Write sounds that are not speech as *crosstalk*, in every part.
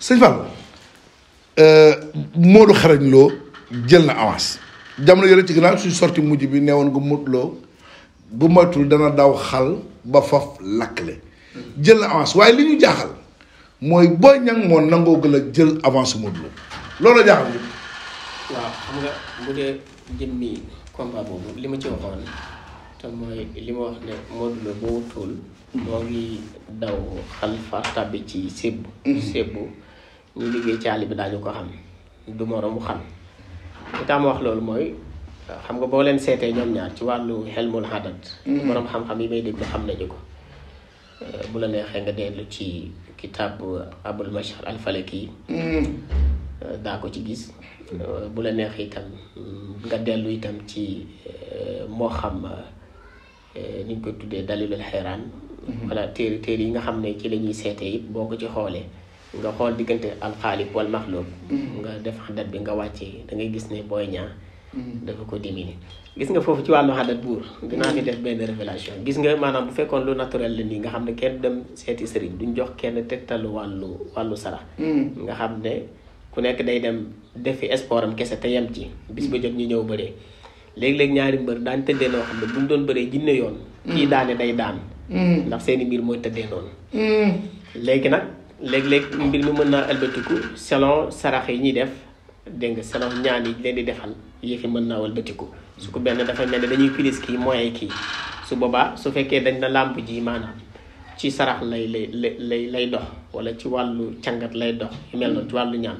sëñ Fall euh, Modou xarañ loo jël na avance jamono yore ci ginnaaw suñ sorti mujj bi nee woon nga Modou Lo bu moytul dana daw xal ba faf lakkle jël na avance waaye li ñu jaaxal mooy Boy Niang moo nangoo gën a jël avance Modou Lo loolu la jaaxal ñu. waaw xam nga bu dee jëmmi combat boobu li ma ci waxoon te mooy li ma wax ne Modou Lo boo moo ngi daw xal far tàbbi ci sébbu. Mm-hmm. sébbu. ñi liggéey ci àll bi daañu ko xam du moromu xam li tax wax loolu mooy xam nga boo leen seetee ñoom ñaar ci wàllu xelmul hadat mm-hmm. borom xam-xam yi may déglu xam nañu ko eh, bu la neexee nga dellu ci kitaab abul mashar al falaki mm-hmm. eh, daa ko ci gis eh, bu la neex itam nga ci moo xam ni ko tuddee dalilul xeeraan mm-hmm. wala téere téere yi nga xam ne ci lañuy seetee it boo ko ci xoolee nga xool diggante alxaalib wal maxluub mm-hmm. nga def xaddat bi nga wàccee da ngay gis ne booy ñaa mm-hmm. dafa ko diminuer gis nga foofu ci wàllu xaddat buur dinaa fi def benn révélation gis nga maanaam bu fekkoon lu naturel la nii nga xam ne kenn dem seeti sëriñ duñ jox kenn tegtalu wàllu wàllu sarax mm-hmm. nga xam ne ku nekk day dem defi sport kese te yem ci bis ba jot ñu ñëw bëree léeg-léeg ñaari mbër daañ tëddee noo xam ne buñ doon bëree jinne yoon kii daane day daan léeg-léeg mbir mi mën naa albatiku selon sarax yi ñuy def dégg nga selon ñaan yi leen di defal yëf yi mën naa albatiku su ko benn dafa mel dañuy pilis kii moyen kii su boobaa su fekkee dañ na làmb ji maanaam ci sarax lay lay lay lay dox wala ci wàllu càngat lay dox yu mel noonu ci wàllu ñaan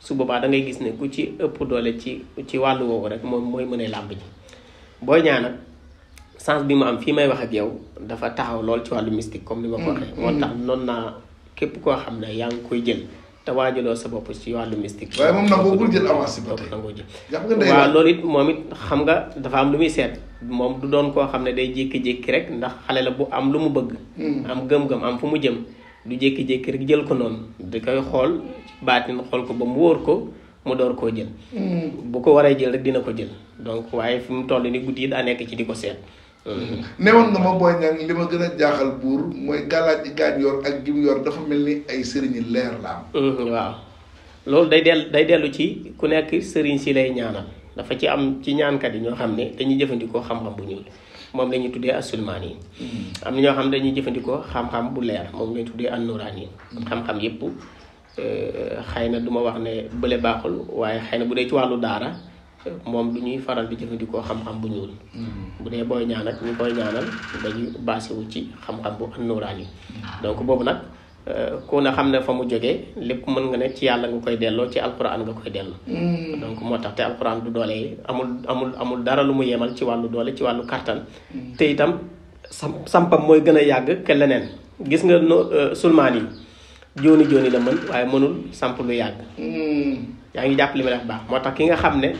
su boobaa da ngay gis ne ku ci ëpp doole ci ci wàllu woowu rek moom mooy mën a làmb ji booy ñaan nag sens bi mu am fii may wax ak yow dafa taxaw lool ci wàllu mystique comme li ma ko waxee. Mm-hmm. moo tax noonu naa. képp koo xam ne yaa ngi koy jël te waa jëloo sa bopp ci wàllu mystique. waaye moom nangoogul jël avance ba tey jël. waaw loolu it moom it xam nga dafa am lu muy seet moom du doon koo xam ne day jékki-jékki rek ndax xale la bu am lu mu bëgg. Hmm. am gëm am fu mu jëm. du jékki rek jël ko noonu da koy xool baatin xool ko ba mu wóor ko mu door koo jël. Hmm. bu ko waree jël rek dina ko jël donc waaye fi mu toll ni guddi yi daa nekk ci di ko seet. Euh. newoon nga ma booy ñang li ma gën a jaaxal buur mooy gàllaaj yi gaañ yor ak gim yor dafa mel ni ay sëriñi leer la euh. waaw loolu day del day dellu ci ku nekk sëriñ si lay ñaanal dafa ci am ci ñaankat yi ñoo xam ne dañuy jëfandikoo xam-xam bu ñuul moom la tuddee asulmaan yi. Hmm. am na ñoo xam ne dañuy jëfandikoo xam bu leer moom la ñuy tuddee annuraan yi xam-xam yépp euh, xëy na du ma wax ne bële baaxul waaye xëy na bu dee ci wàllu daara. moom du ñuy faral di jëfandikoo xam-xam bu ñuul. Hmm. bu dee booy ñaan ak ñu koy ñaanal dañuy basé wu ci xam-xam bu annuraani hmm. donc boobu nag euh, ku ne xam ne fa mu jógee lépp mën nga ne ci yàlla nga koy delloo ci alquran nga koy delloo. Hmm. donc moo tax te alquran du doole amul amul amul dara lu mu yemal ci wàllu doole ci wàllu kartan. te itam sam sampam mooy gën a yàgg ke leneen gis nga no euh, sulmaan yi jooni jooni da mën waaye mënul samp lu yàgg. yaa ngi jàpp li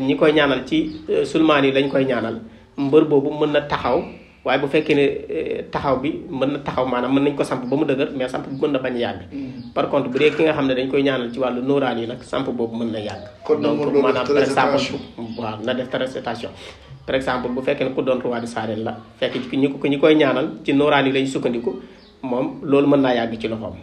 ñi koy ñaanal ci euh, sulmaan yi lañ koy ñaanal mbër boobu mën na taxaw waaye bu fekkee ne euh, taxaw bi mën na taxaw maanaam mën nañ ko samp ba mu dëgër mais samp bi mën na a mm-hmm. par contre bu ki nga xam ne dañ koy ñaanal ci wàllu nóoraan yi nag samp boobu mën na yàgg. kon donc maanaam par exemple na def prestation. par exemple bu fekkee ne ku doon roi de Sarène la fekk ñi ko ñi koy ñaanal ci nooraan yi lañ sukkandiku moom loolu mën naa yàgg ci loxoom.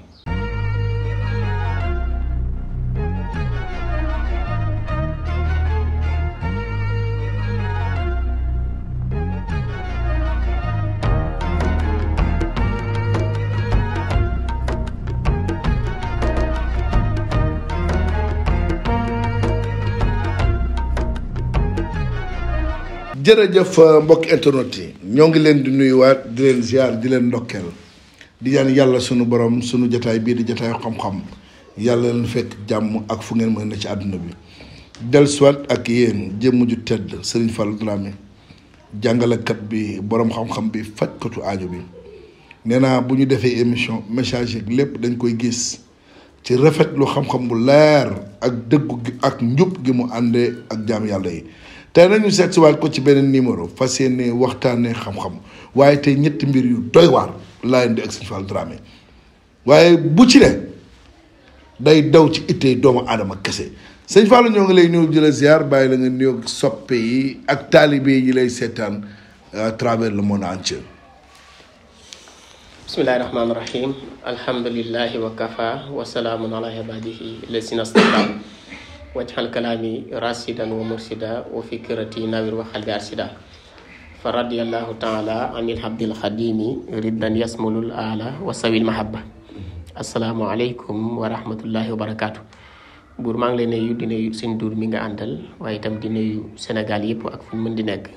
jërëjëf euh, mbokk internet yi ñoo ngi leen di nuyuwaat di leen ziar di leen ndokkeel di ñaan yàlla sunu borom sunu jataay bii di jataayu xam-xam yàlla leen fekk jàmm ak fu ngeen mën na ci àdduna bi dellusiwaat ak yéen jëmm ju tedd Serigne Fallou Dramé jàngalekat bi borom xam-xam bi fajkatu ajo bi nee naa bu ñu defee émission message yeeg lépp dañ koy gis. ci rafet lu xam-xam bu leer ak dëggu ak njub gi mu àndee ak jaam yàlla yi tey nañu seet si waat ko ci beneen numéro fas yéene waxtaanee xam-xam waaye te ñetti mbir yu doy waar laa indi ak Sëñ Fall Dramé waaye bu ci ne day daw ci ittee doomu aadama kese Sëñ Fall ñoo ngi lay nuyu di la ziar bàyyi la nga nuyoog soppe yi ak taalibe yi lay seetaan à travers le monde bismillahi rahmaani rahim alhamdulilahi wa kafa wa salaamun ala ibadihi lazina stafa wajxal kalaami rasidan wa mursida wa fikrati nawir wa xalbi arsida fa radiallahu taala anil habdil xadimi riddan yasmulul ala wa sawil mahabba asalaamualeykum wa rahmatullahi wa barakaatu buur maa ngi lay nuyu di nuyu seen duur mi nga àndal waaye itam di nuyu Sénégal yëpp ak fu ñu di nekk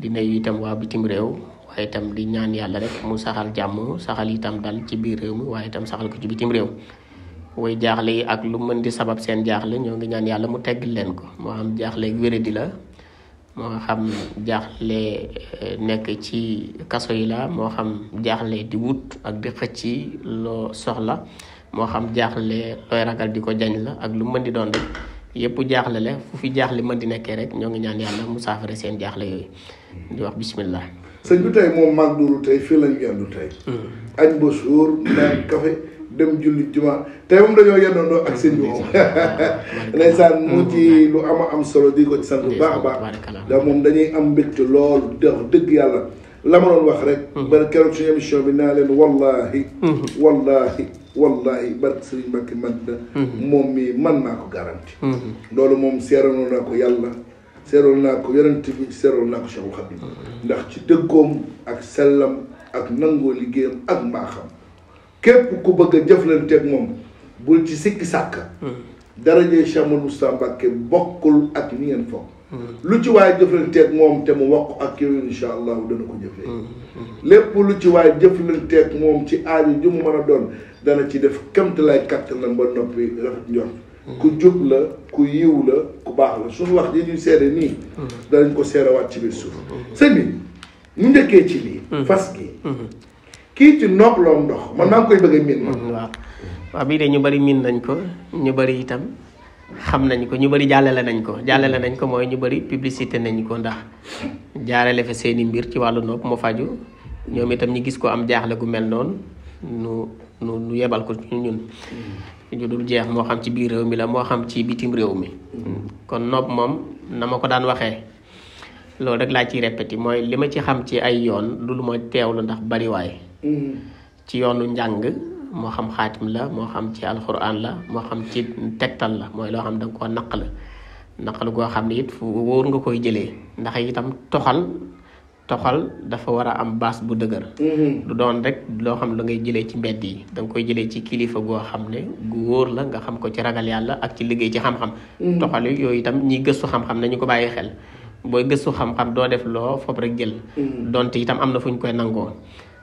di nuyu itam waa bitim réew waaye itam di ñaan yàlla rek mu saxal jàmm saxal itam dal ci biir réew mi waaye itam saxal ko ci bitim réew woy jaaxle yi ak lu mën di sabab seen jaaxle ñoo ngi ñaan yàlla mu teggil leen ko moo xam jaaxle wéradi la moo xam jaaxle eh, nekk ci kaso yi la moo xam jaaxle di ak di xëcc loo soxla moo xam jaaxle ragal di ko jañ la ak lu mën di doon yëpp jaaxle la fu fi jaaxle mën di nekkee rek ñoo ngi ñaan yàlla mu saafara seen jaaxle yooyu di wax bismillah sëñ bi tey moom mag duuru tey fii la yendu tey mm. añ ba suur naan café dem julli juma tey moom dañoo yendoondoo ak sëñ bi moom mm. *laughs* ndeysaan mu ci lu ama am solo di ko bu baax a baax ndax moom dañuy am mbégte lool de dëgg yàlla la ma doon wax rek mm. ba keroog suñu émission bi naa leen wallaahi wallaahi wallahi barke Serigne Mbacké Madina moom mi man naa ko garanti loolu moom seeranoon naa ko yàlla seeroon naa ko yeneen bi seeroon naa ko Cheikhul Khadim ndax ci dëggoom ak sellam ak nangoo liggéeyam ak mbaaxam képp ku bëgg a jëflanteeg moom bul ci sikki sàkk darajee Cheikh Mouhamadou Moustapha Mbacké bokkul ak ni ngeen foog lu ci waay jëflanteeg moom te mu wax ak yow insha ko jëfee lépp lu ci waay jëflanteeg moom ci aaju ju mu mën a doon dana ci def kemt lay kattanam ba noppi rafet njort ku jub la ku yiw la ku baax la suñu wax yi ñuy seere nii danañ ko seerewaat ci biir suuf sëñ bi mu njëkkee ci lii mm-hmm. mm-hmm. kii ci nopp loom ndox man maa koy bëgg a miin mm-hmm. waaw waaw bii de ñu bari miin nañ ko ñu bari itam xam nañ ko ñu bari jàllale nañ ko jàllale nañ ko mooy ñu bari publicité nañ ko ndax jaarale fa seeni mbir ci wàllu nopp mu faju ñoom itam ñu gis ko am jaaxle gu mel noonu nu nu yebal ko ñun yu dul jeex moo xam ci biir réew mi la moo xam ci bitim réew mi mm. kon nopp moom na ma ko daan waxee loolu rek laa ciy répété mooy li ma ci xam ci ay yoon du lu ma teewlu ndax bariwaay mm. ci yoonu njàng moo xam xaatim la moo xam ci alxuraan la moo xam ci tegtal la mooy loo xam da nga koo naq la naqal goo xam ne fu wóor nga koy jëlee ndax itam toxal toxal dafa war a am baas bu dëgër mm-hmm. du doon rek loo xam la ngay jëlee ci mbedd yi danga koy jëlee ci kilifa goo xam ne gu wóor la nga xam ko ci ragal yàlla ak ci liggéey ci xam-xam mm-hmm. toxal yooyu itam ñiy gëstu xam-xam nañu ko bàyyi xel booy gëstu xam-xam doo def loo fob rek jël mm-hmm. donte itam am na fu ñu koy nangoo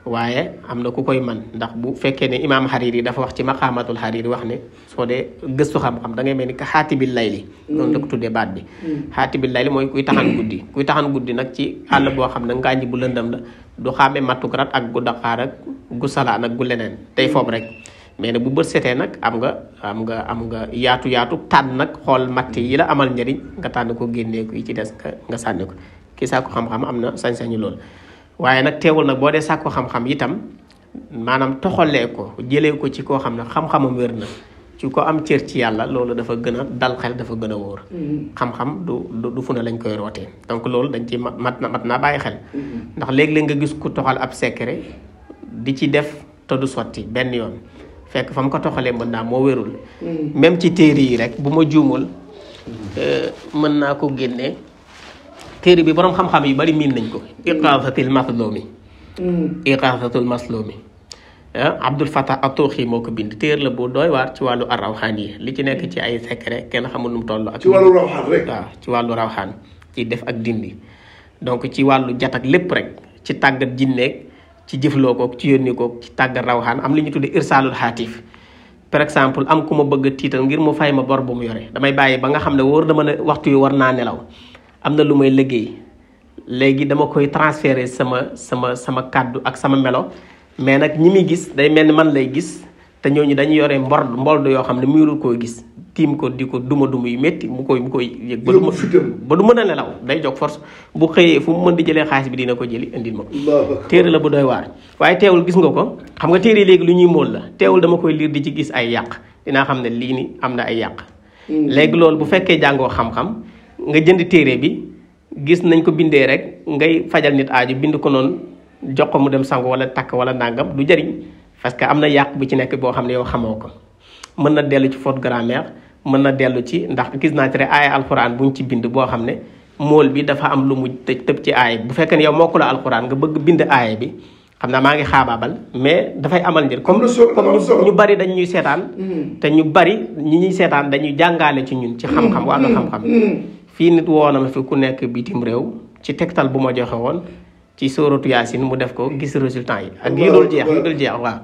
waaye am na ku koy man ndax bu fekkee ne imaam yi dafa wax ci maqaamatul Hariri wax ne soo dee gëstu xam-xam dangay mel ni ka xaatibil layli. Mm. noonu la ko tuddee baat bi. Mm. xaatibil layli mooy kuy taxan guddi kuy taxan guddi nag ci àll boo xam ne ngaañ bu lëndam la du xàmme mattuk rat ak gu daqaar gu salaan ak gu leneen tey mm. foofu rek. mais nag bu bët setee nag am nga am nga nga yaatu yaatu tànn nag xool matt yi la amal njëriñ nga tànn ko génnee yi ci des nga sànni ko kii saa ko xam-xam am na sañ-sañu lool. waaye nag teewul nag boo dee sàkku xam-xam itam maanaam toxalee ko jëlee ko ci koo xam ne xam-xamam wér na ci ko am cër ci yàlla loolu dafa gën a dal xel dafa gën a wóor. Mm-hmm. xam-xam du du fu ne lañ koy rootee donc loolu dañ ci mat na mat naa bàyyi xel. Mm-hmm. ndax léegi léeg nga gis ku toxal ab secret di ci def te du sotti benn yoon fekk fa mu ko toxalee mën naa moo wérul. Mm-hmm. même ci téere yi rek bu ma juumul euh, mën naa ko génne. téere bi boroom xam-xam yu bari miin nañ ko iqaasatil masloomi iqaasatul masloomi Abdul Fattah Atuuxi moo ko bind téere la bu doy waar ci wàllu rawxaan yi li ci nekk ci ay secret kenn xamul nu mu toll ak ci wàllu rawxaan waaw ci wàllu rawxaan ci def ak dindi donc ci wàllu jat lépp rek ci tàggat jinneeg ci jëfloo kook ci yónni ko ci tàggat rawxaan am li ñu tuddee irsaalul xaatif par exemple am ku ma bëgg tiital ngir mu fay ma bor bu mu yore damay bàyyi ba nga xam ne wóor dama ne waxtu war naa nelaw am na lu may liggéey léegi dama koy transférer sama sama sama kàddu ak sama melo mais nag ñi muy gis day mel ni man lay gis te ñooñu dañu yore mbor mbold yoo xam ne muyurul koo gis tiim ko di ko duma duma yu métti mu koy mu koy yëg ba ba du mën a nelaw day jóg bu xëyee fu mu mën di jëlee xaalis bi dina ko jëli indil ma ko téere la bu doy waaye teewul gis nga ko xam nga téere léegi lu ñuy mool la teewul dama koy liir di ci gis ay yàq dinaa xam ne lii ni am na ay yàq mm-hmm. léegi loolu bu fekkee jàngoo xam-xam nga jënd téere bi gis nañ ko bindee rek ngay fajal nit aaju bind ko noonu jox ko mu dem sangu wala takk wala ndàngam du jariñ parce que am na yàq bu ci nekk boo xam ne yow xamoo ko mën na dellu ci faute grammaire mën na dellu ci ndax gis naa ci rek aaya alxuraan buñ ci bind boo xam ne mool bi dafa am lu mu tëj tëb ci aaya bu fekkee ne yow mokku la alxuraan nga bëgg bind aaya bi xam naa maa ngi xaabaabal mais dafay amal njëriñ comme comme ñu bari dañuy seetaan mm-hmm. te ñu bari ñi ñuy seetaan dañuy jàngaale ci ñun ci mm-hmm. xam-xam wàllu xam-xam mm-hmm. fii nit na ma fi ku nekk bitim réew ci tegtal bu ma joxe woon ci sóoratu yaasin mu def ko gis résultant yi ak yu dul jeex yu dul jeex waaw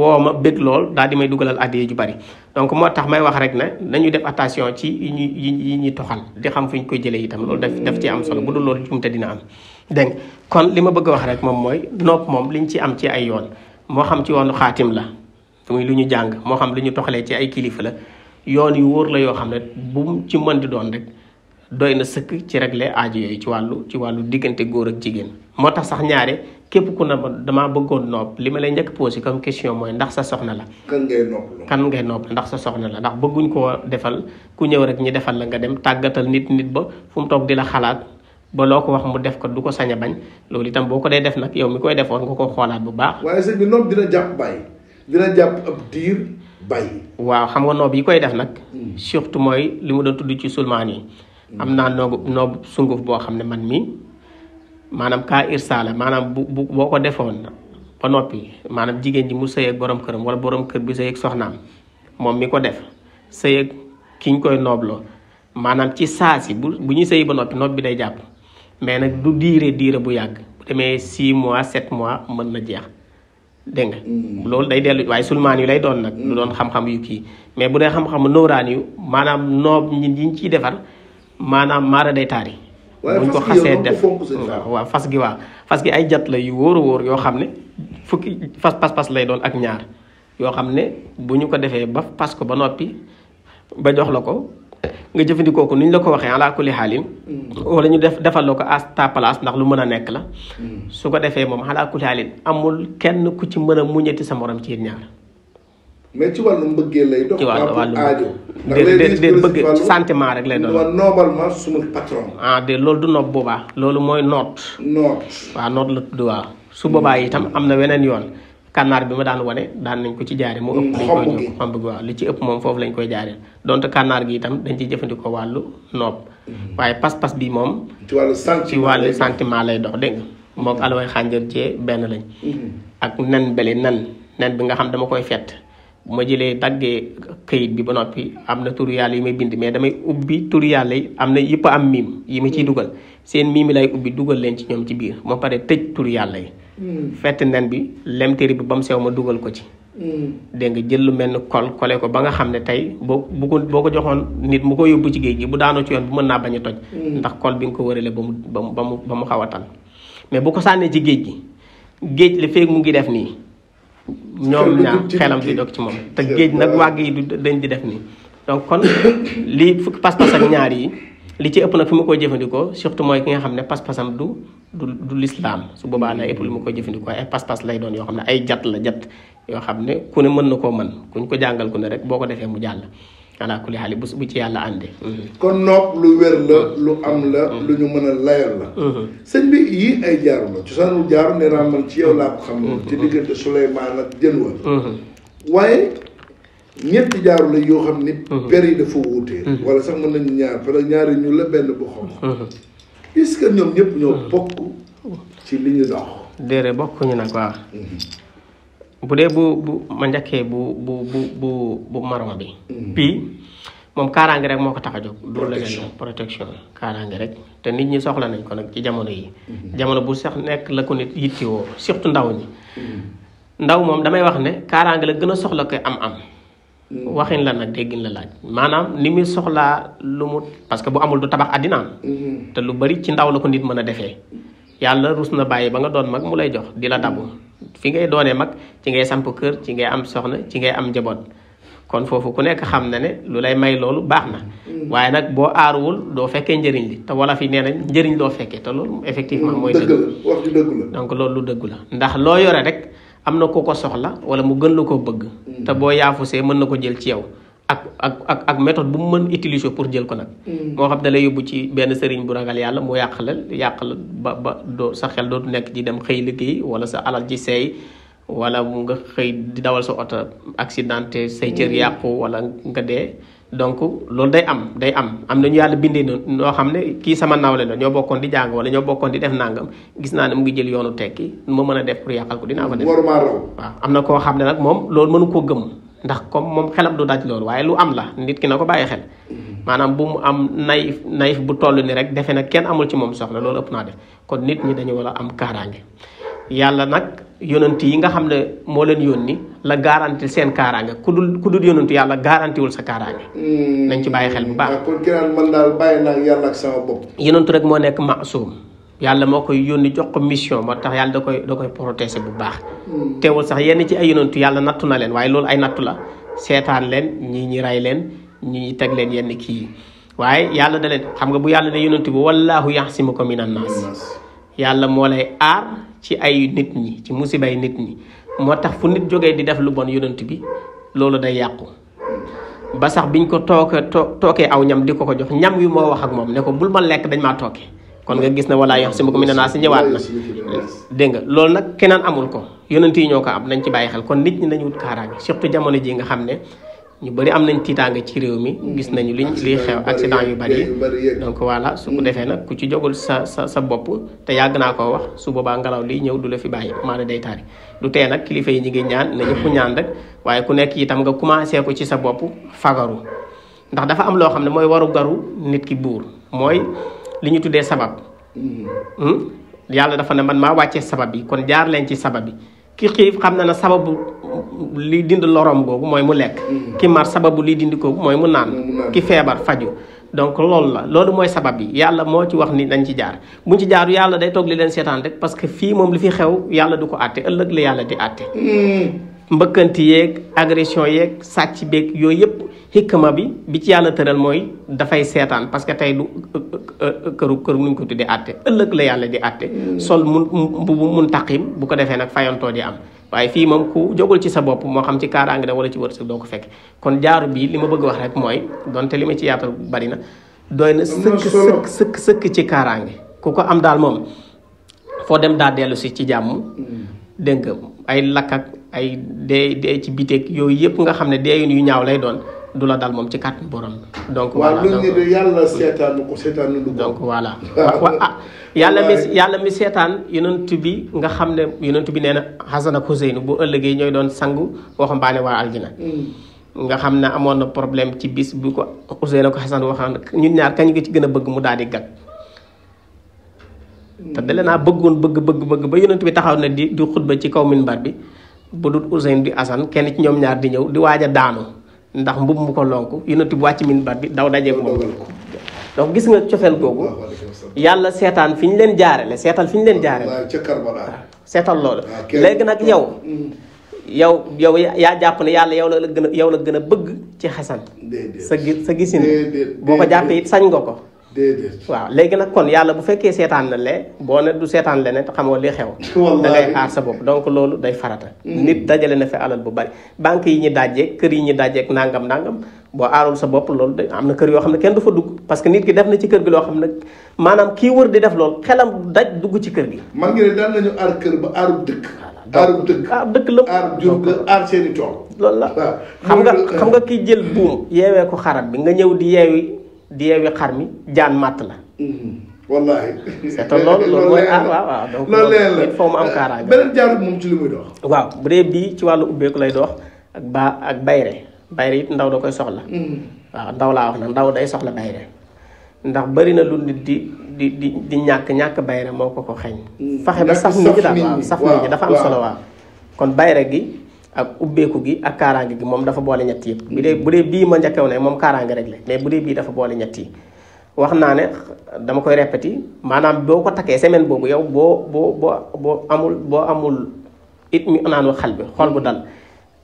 woo ma bëgg lool daal di may dugalal addiya ju bari donc moo tax may wax rek ne nañu def attention ci yi ñu yi ñuy toxal di xam fu ñu koy jëlee itam loolu daf daf ci am solo bu dul loolu jumte dina am dégg kon li ma bëgg a wax rek moom mooy nopp moom li ñu ci am ci ay yoon moo xam ci yoonu xaatim la muy lu ñu jàng moo xam lu toxalee ci ay kilifa la yoon yu wóor la yoo xam ne bu ci mën di doon rek doy na sëkk ci régler aajo yooyu ci wàllu ci wàllu diggante góor ak jigéen moo tax sax ñaare képp ku na ma damaa bëggoon nopp li ma lay njëkk posé comme question mooy ndax sa soxna la. kan ngay nopp kan ndax sa soxna la ndax bëgguñ koo defal ku ñëw rek ñi defal la nga dem tàggatal nit nit ba fu mu toog di la xalaat. ba loo ko wax mu def ko du ko sañ a bañ loolu itam boo ko dee def nag yow mi koy def war nga ko xoolaat bu baax. waaye sëñ bi noob dina jàpp bàyyi dina jàpp xam nga noob yi koy def nag. Hmm. surtout mooy li mu doon tudd ci sulmaan yi. am naa noogu noobu sunguf boo xam ne man mii maanaam kaa irsaala maanaam bu bu boo ko defoon ba noppi maanaam jigéen ji mu sëy ak borom këram wala borom kër bi sëy ak soxnaam moom mi ko def sëy ak ki ñu koy noobloo maanaam ci saasi bu bu ñu sëy ba noppi nopp bi day jàpp mais nag du diire diire bu yàgg bu demee 6 mois 7 mois mën na jeex dégg nga. Mm. loolu day dellu waaye sulmaan yu lay doon nag. lu mm. doon xam-xam yu kii mais bu dee xam-xam nooraan yu maanaam noob ñi ciy defar. maanaam maara day taari buñ ko xasee def waaw fas gi waaw fas gi ay jat la yu wóor wóor yoo xam ne fukki fas pas-pas lay doon ak ñaar yoo xam ne bu ñu ko defee ba pas ko ba noppi ba jox la ko nga jëfandikoo ko ni ñu la ko waxee ala kulli xaalin mm. wala ñu def defal la ko à ta place ndax lu mën a nekk la mm. su ko defee moom ala kulli xaalin amul kenn ku ci mën a muñeti sa morom ci ñaar mais ci wàllu mbëggee lay dox. ci wàllu wàllu aajo. rek lay doon. normalement sunu patron. ah de loolu du nopp boobaa. loolu mooy noot. waa noot la tudd waaw. su boobaa mm. itam am na weneen yoon. kànnaar bi ma daan wane daan nañ ko ci jaare mu mm, ëpp lañ koy li ci ëpp moom foofu lañ koy jaaree donte kànnaar gi itam dañ ciy jëfandikoo wàllu noob mm. waaye pas-pas bii moom ci wàllu sentiment lay dox dégg moom mook alway xànjar cee benn lañ ak nen beli nen nen bi nga xam dama koy fett ma jëlee daggee kayit bi ba noppi am na turu yàlla yi may bind mais damay ubbi turu yàlla yi am na yëpp am miim yi ma ciy hmm. dugal seen miim yi lay ubbi dugal leen ci ñoom ci biir ma pare tëj turu yàlla yi. Hmm. fett nen bi lemteri bi ba mu sew ma dugal ko ci. Hmm. dégg nga jël lu mel ni kol kole ko ba nga xam ne tey boo bu boo ko joxoon nit mu ko yóbbu ci géej gi bu daanoo ci yoon bu mën naa bañ a toj. ndax kol bi nga ko wëralee ba mu ba mu ba mu xaw a tal mais bu ko sànnee ci géej gi géej la feeg mu ngi def nii. ñoom ñaar xelam di dog ci moom te géej nag wàgg yi du dañ di def nii donc kon lii fukki pas-pas ak ñaar yi li ci ëpp nag fi mu koy jëfandikoo surtout mooy ki nga xam ne pas-pasam du du du lislaam su boobaa nag ëpp li mu koy jëfandikoo ay pas-pas lay doon yoo xam ne ay jat la jat yoo xam ne ku ne mën na koo mën kuñ ko jàngal ku ne rek boo ko defee mu jàll ala kulli xaali bu ci yàlla àndee. Mhm. kon nopp lu wér la lu am la. Mhm. lu ñu mën a layal la. Mhm. sëñ bi yii ay jaaru la jaar jaaru ne naa man ci yow laa ko xam. ci diggante Souleymane ak jën wa. waaye ñetti jaaru la yoo xam ni. per yi dafa wuutee wala sax mën nañu ñaar parce ñaari ñu la benn bu xonq. est-ce que ñoom ñëpp ñoo bokk. ci li ñu dox. déedéet bokkuñu nag waaw. bu dee bu bu ma njëkkee bu bu bu bu bu maroon bi. Mhm. pii moom kaaraange rek moo ko tax a jóg. loolu la rek te nit ñi soxla nañ ko nag ci jamono yi. Mhm. jamono bu sax nekk la ko nit yittewoo surtout ndaw mhm. ndaw moom damay wax ne kaaraange gën a soxla koy am-am. waxin la nag déggin la laaj maanaam ni muy soxlaa lu mu parce que bu amul du tabax àddinaam te lu bari ci ndaw la ko nit mën a defee yàlla rus na bàyyi ba nga doon mag mu lay jox di la dabu fi ngay doonee mag ci ngay samp kër ci ngay am soxna ci ngay am njaboot kon foofu ku nekk xam na ne lu lay may loolu baax na mm. waaye nag boo aaruwul doo fekkee njëriñ li te wala fi nee nañ njëriñ loo fekkee te loolu effectivement mooy dëgg la donc loolu lu dëgg la ndax loo yore rek am na ko ko soxla wala mu gën lu ko bëgg mm. te boo yaafusee mën na ko jël ci yow ak ak ak ak bu mu mën utiliser pour jël ko nag. Mm. moo xam da lay yóbbu ci benn sëriñ bu ragal yàlla mu yàq la yàq la ba ba doo sa xel dootu nekk di dem xëy liggéey wala sa alal ji seey wala mu nga xëy di dawal sa oto accidenté say cër mm. yàqu wala nga dee. donc loolu day am day am am na nañu yàlla bindee noo xam ne kii sama nawle la ñoo bokkoon di jàng wala ñoo bokkoon di def nangam gis naa ne mu ngi jël yoonu tekki ma mën a def pour yàqal ko dinaa ko def. waaw am na koo xam ne nag moom loolu mënu ko gëm. ndax comme moom xelam du daj loolu waaye lu am la nit ki na ko bàyyi xel maanaam bu mu am nayif nayif bu toll nii rek defe na kenn amul ci moom soxla loolu ëpp naa def kon nit ñi dañu war a am kaaraange yàlla nag yonent yi nga xam ne moo leen yónni la garanti seen kaaraange ku dul ku dul yonent yàlla garantiwul sa kaaraange. Hmm. nañ ci bàyyi xel bu baax. kon ki naan man daal bàyyi naa yàlla ak sama bopp. yonent rek moo nekk maasum yàlla moo koy yónni jox ko mission moo tax yàlla da koy da koy protéger bu baax. Hmm. teewul sax yenn ci ay yonantu yàlla nattu na leen waaye loolu ay nattu la seetaan leen ñii ñi rey leen ñii ñi teg leen yenn kii waaye yàlla da leen xam nga bu yàlla ne yonantu bi wallaahu yaxsimuka minan naas yàlla moo lay aar ci ay nit ñi ci musibay nit ñi moo tax fu nit jógee di def lu bon yonantu bi loolu day yàqu. ba sax biñ ko tooke tookee aw ñam di ko ko jox ñam wi moo wax ak moom ne ko bul ma lekk dañ maa tooke. kon nga gis na walaa yox si mba ko mi ne naa si ñëwaat na dégg nga loolu nag keneen amul ko yonent yi ñoo ko am nañ ci bàyyi xel kon nit ñi nañu wut kaaraange surtout jamono ji nga xam ne ñu bëri am nañ tiitaange ci réew mi gis nañu liñ liy xew accident yu bari donc voilà su ko defee nag ku ci jogul sa sa sa bopp te yàgg naa koo wax su boobaa ngelaw liy ñëw du la fi bàyyi maanaam day taari lu tee nag kilifa yi ñu ngi ñaan na ñëpp ñaan rek waaye ku nekk itam nga commencé ko ci sa bopp fagaru ndax dafa am loo xam ne mooy waru garu nit ki buur mooy li ñu tuddee sabab mm-hmm. hmm? yàlla dafa ne man maa wàccee sabab bi kon jaar leen ci sabab bi ki xiif xam na ne sababu lii dindi lorom googu mooy mu lekk mm-hmm. ki maar sababu liy dindi koogu mooy mu naan ki feebar faju donc loolu la loolu mooy sabab bi yàlla moo ci wax ni nañ ci jaar buñ ci jaaru yàlla day toog li leen seetaan rek parce que fii moom li fi xew yàlla du ko àtte ëllëg la yàlla di àtte mm-hmm. mbëkkanti yeeg agression yeeg sàcc beeg yooyu yëpp xikma bi bi ci yàlla tëral mooy dafay seetaan parce que tey du këru këru nuñ ko tuddee àtte ëllëg la yàlla di àtte mm. sol mun mbubu mun taqim bu ko defee nag fayantoo di am waaye fii moom ku jógul ci sa bopp moo xam ci kaaraange da wala ci wërsëg doo ko fekke kon jaaru bii li ma bëgg wax rek mooy donte li ma ci yaatal bari na doy na sëkk sëkk sëkk sëkk ci kaaraange ku ko am daal moom foo dem daa dellu si ci jàmm mm. dégg nga ay lakk ay dee dee ci biteeg yooyu yëpp nga xam ne dee yu ñaaw lay doon du la dal moom ci kàttan borom donc voilà donc ah, waaw ah, yàlla seetaanu ko yàlla mi yàlla mi seetaan yonent bi nga xam ne yonent bi nee na Xasan ak Xuseynu boo ëllëgee ñooy doon sangu waxambaane waa aljina mm. nga xam ne amoon na problème ci bis bu ko Xuseynu ak Xasan waxaan ñu ñaar kañ nga ci gën a bëgg mu daal di gàtt. Mm. te dale naa bëggoon bëgg bëgg bëgg ba yonent bi taxaw na di di xutba ci kaw minbar bi. bu dul Ousseynou di Assane kenn ci ñoom ñaar di ñëw di waaj a daanu ndax mbub mu ko lonk yonent bi wàcc min bat bi daw dajeeg moom donc gis nga cofeel googu yàlla seetaan fi ñu leen jaarale seetal fi ñu leen jaarale seetal loolu ah, léegi nag yow mm-hmm. yow yow yaa jàpp ne yàlla yow la gën a yow la gën a bëgg ci xasan sa gis sa gisin boo ko jàppee it sañ nga ko déedéet waaw léegi nag kon yàlla bu fekkee seetaan la le boo ne du seetaan leneen te xamoo li xew da ngay aar sa bopp donc loolu day farata mm. nit dajale na fi alal bu bari banque yi ñu dajee kër yi ñu dajee nangam nangam boo aarul sa bopp loolu day am na kër yoo xam ne kenn du fa dugg parce que nit ki def na ci kër gi loo xam ne maanaam kii wër di def loolu xelam daj dugg ci kër gi mag ngi ne daan nañu aar kër ba aarub dëkk aarub dëkk aarub dëkk la aarub jur ga aar seeni loolu la xam nga xam nga nga di yeewi xar mi jaan màtt la. Mhm. wallaahi. c'est loolu mooy ah waaw waaw. donc loolu il faut mu am kaaraange. beneen bu dee bii ci wàllu ubbeeku lay dox ak ba ak bayre bayre it ndaw da koy soxla. Mhm. waaw ndaw laa wax na ndaw day soxla bayre ndax bari na lu nit di di di ñàkk ñàkk bayre moo ko ko xeeñ. Mhm. faxe ba saf nit ñi daal waaw saf nit ñi dafa am solo kon bayre gi. ak ubbeeku gi ak kaaraange gi moom dafa boole ñett yëpp bu dee bu dee bii ma njëkkew ne moom kaaraange rek la mais bu dee bii dafa boole ñett yi wax naa ne dama koy répété maanaam boo ko takkee semaine boobu yow boo boo boo boo amul boo amul it mi naanul xal bi xool bu dal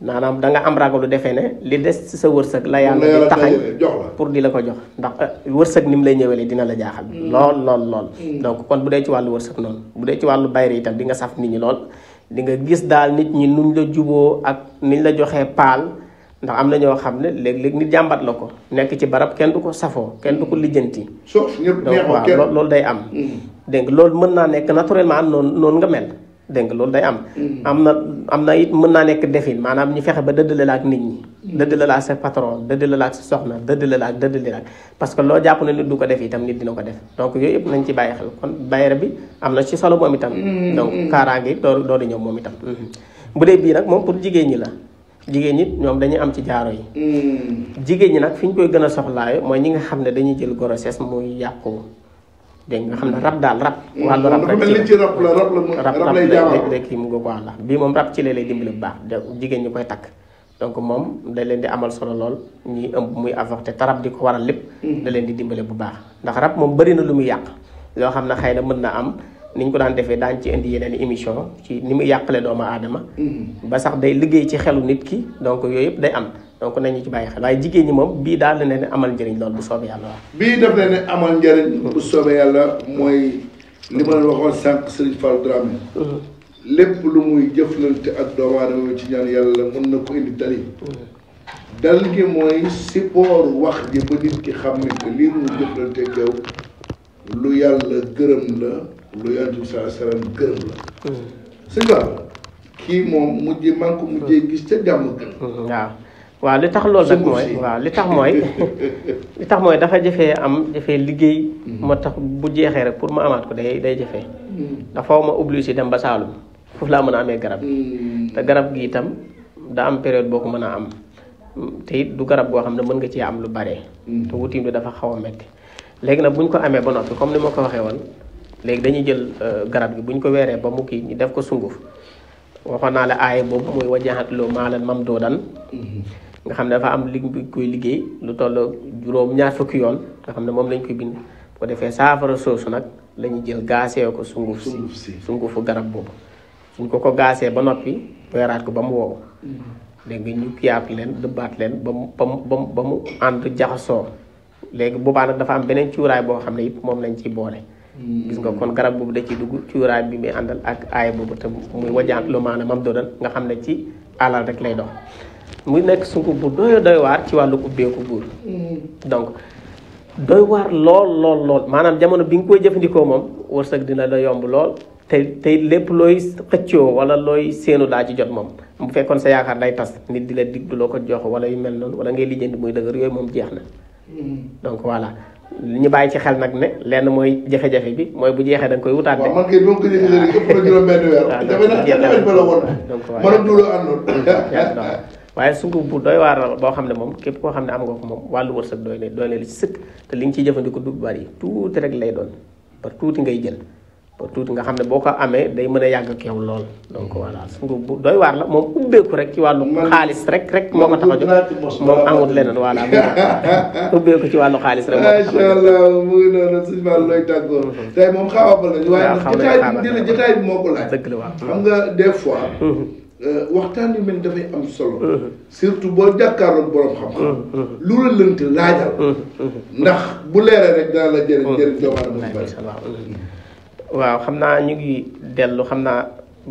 maanaam da nga am lu defee ne li des ci sa wërsëg la yàlla di taxañ pour di la ko jox ndax euh, wërsëg ni mu lay ñëwele dina la jaaxal mm. lool lool lool mm. donc kon bu dee ci wàllu wërsëg noonu bu dee ci wàllu bayre itam di nga saf nit ñi lool di nga gis daal nit ñi nuñ la juboo ak niñ la joxee paal ndax am na ñoo xam ne léeg-léeg nit jàmbat la ko nekk ci barab kenn du ko safoo kenn du ko lijjanti. donc waaw loolu day am. Mm. dégg loolu mën naa nekk naturellement noonu noonu nga mel. dégg nga loolu day am. Mm. am na am na it mën naa nekk defin maanaam ñu fexe ba dëddale la ak nit ñi. Mm. dëddale la ak sa patron dëddale la ak sa soxna dëddale la ak dëddale la ak parce que loo jàpp ne nit du ko def itam nit dina ko def donc yooyu yëpp nañ ci bàyyi xel kon bayra bi am na ci solo moom itam. Mm, donc kaaraange it doo doo di ñëw moom itam. Mm-hmm. bu dee bii nag moom pour jigéen ñi la jigéen ñi ñoom dañuy am ci jaaro yi. jigéen ñi nag fi ñu koy gën a soxlaayo mooy ñi nga xam ne dañuy jël grossesse muy yàqu. dégg nga xam ne rab daal rab. wàllu rab rek ci la rab rab rab lay jaawaale rek ko wàll bii moom rab ci lay dimbale bu baax de jigéen ñi koy takk. donc moom day leen di amal solo lool ñuy ëmb muy avorté te di ko waral lépp. Mm-hmm. da leen di dimbale bu baax ndax rab moom bëri na lu muy yàq. loo xam ne xëy na mën na am ni ñu ko daan defee daañ ci indi yeneen émission ci ni muy yàqale doomu aadama. Mm-hmm. ba sax day liggéey ci xelu nit ki donc yooyu yëpp day am. donc nañu ci bàyyi xel waaye jigéen ñi moom bii daal na leen amal njëriñ lool bu soobee yàlla waaw. bii daf ne amal njëriñ. bu soobee yàlla mooy. li ma leen waxoon sànq Serigne Fall Dramé. lépp lu muy jëflante ak doomu aadama ci ñaan yàlla mën na ko indi dali. dal gi mooy support wax ji ba nit ki xam ne lii mu jëflante ak lu yàlla gërëm la lu yonent bi saa salaam gërëm la. Hmm. sëñ Ba kii moom mujj man ko mujjee gis ca jàmm gën. Hmm. waaw. waa li tax loolu nag mooy waaw li tax mooy *laughs* li tax mooy dafa jafee am jafee liggéey mhm. moo tax bu jeexee rek pour ma amaat ko day day jafee mhm. ndax faaw ma obligé dem ba Saalum foofu laa mën a amee garab mhm. te garab gi itam da am période boo ko mën a am te du garab goo xam ne mën nga cee am lu bare te wutim dafa xaw a metti léegi nag buñ ko amee ba noppi comme ni ma ko waxee woon léegi dañuy jël euh, garab bi buñ ko weeree ba mu kii ñu def ko sunguf waxoon naa la aaye boobu muy wajaxatloo maa leen mam doodan nga xam ne dafa am li koy liggéey lu toll juróom ñaar fukki yoon nga xam ne moom lañ koy bind bu ko defee saafara soosu nag lañu jël gaasee ko sunguf si sungufu garab boobu suñ ko ko gaasee ba noppi weeraat ko ba mu wow mm-hmm. léegi ñu kiyaat leen dëbbaat leen ba mu ba mu ba mu ànd jaxasoo léegi boobaa nag dafa am beneen cuuraay boo xam ne yëpp moom lañ ci boole gis nga kon garab boobu de ciy dugg cuuraay bi muy àndal ak aaya boobu te muy wajaan lu maana mam doodan nga xam ne ci alal rek lay dox muy nekk sunku bu doy doy waar ci wàllu ubbeeku buur mm. donc doy waar lool lool maanaam jamono bi nga koy jëfandikoo moom sax dina la yomb lool te te lépp looy xëccoo wala looy seenu daa ci jot moom bu fekkoon sa yaakaar day tas nit di la dig du loo ko jox wala yu mel noonu wala ngay lijjanti muy dëgër yooyu moom jeex na mm. ñu bàyyi ci xel nag ne lenn mooy jafe-jafe bi mooy bu jeexee da koy wutaat de. waaw man kay ah, donc li ne donc jeex na waaw waaye ah, *laughs* waaye sunguf bu doy waar boo xam ne moom képp koo xam ne am nga ko moom wàllu wërsëg doy na doy na li ci sëkk te li nga ciy jëfandiku du bari tuuti rek lay doon par tuuti ngay jël ba tuuti nga xam ne boo ko amee day mën a yàgg ak yow lool donc voilà sunguf bu doy waar la moom ubbeeku rek ci wàllu xaalis rek rek moo ko tax a jóg moom amul leneen voilà *laughs* ubbeeku ci wàllu xaalis rek macha allah mu ngi noonu suñu wàllu looy tàggoo mm-hmm. tey moom xaabal nañu waaye jotaay moo ko laaj dëgg la waaw xam nga des fois mm-hmm. euh, waxtaan yu mel dafay am solo mm-hmm. surtout boo jàkkaarloog borom xam-xam lu la lënt laajal ndax bu leeree rek dana la jëriñ jëriñ doomu aadama waaw xam naa ñu ngi dellu xam naa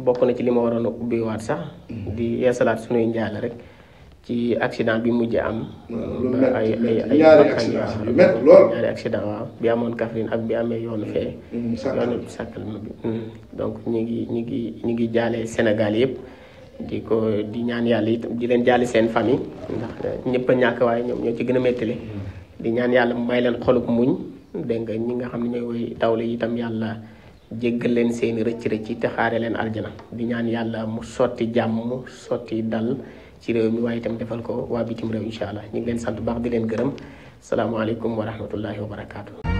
bokk na ci li ma waroon a ubbiwaat sax. Mhm. di yeesalaat sunuy njaal rek. ci accident bi mujj am. ay ay ay ñaari accident yu waaw bi amoon kafrin ak bi amee yoonu mhm. fee. Mhm, yoonu sàkkal ma bi donc ñu ngi ñu ngi ñu ngi jaale Sénégal yëpp di ko di ñaan yàlla itam di leen jaale seen famille ndax ñëpp ñàkk waaye ñoom ñoo ci gën a méttale di ñaan yàlla mu may leen xolub muñ dégg nga ñi nga xam ne ñooy woy dawle itam yàlla. jéggal leen seeni rëcc-rëcc te xaare leen aljana di ñaan yàlla mu sotti jàmm mu sotti dal ci réew mi waaye itam defal ko waa bitim réew incha allah ñu ngi leen sant baax di leen gërëm salaamaaleykum wa rahmatullahi wa barakaatu.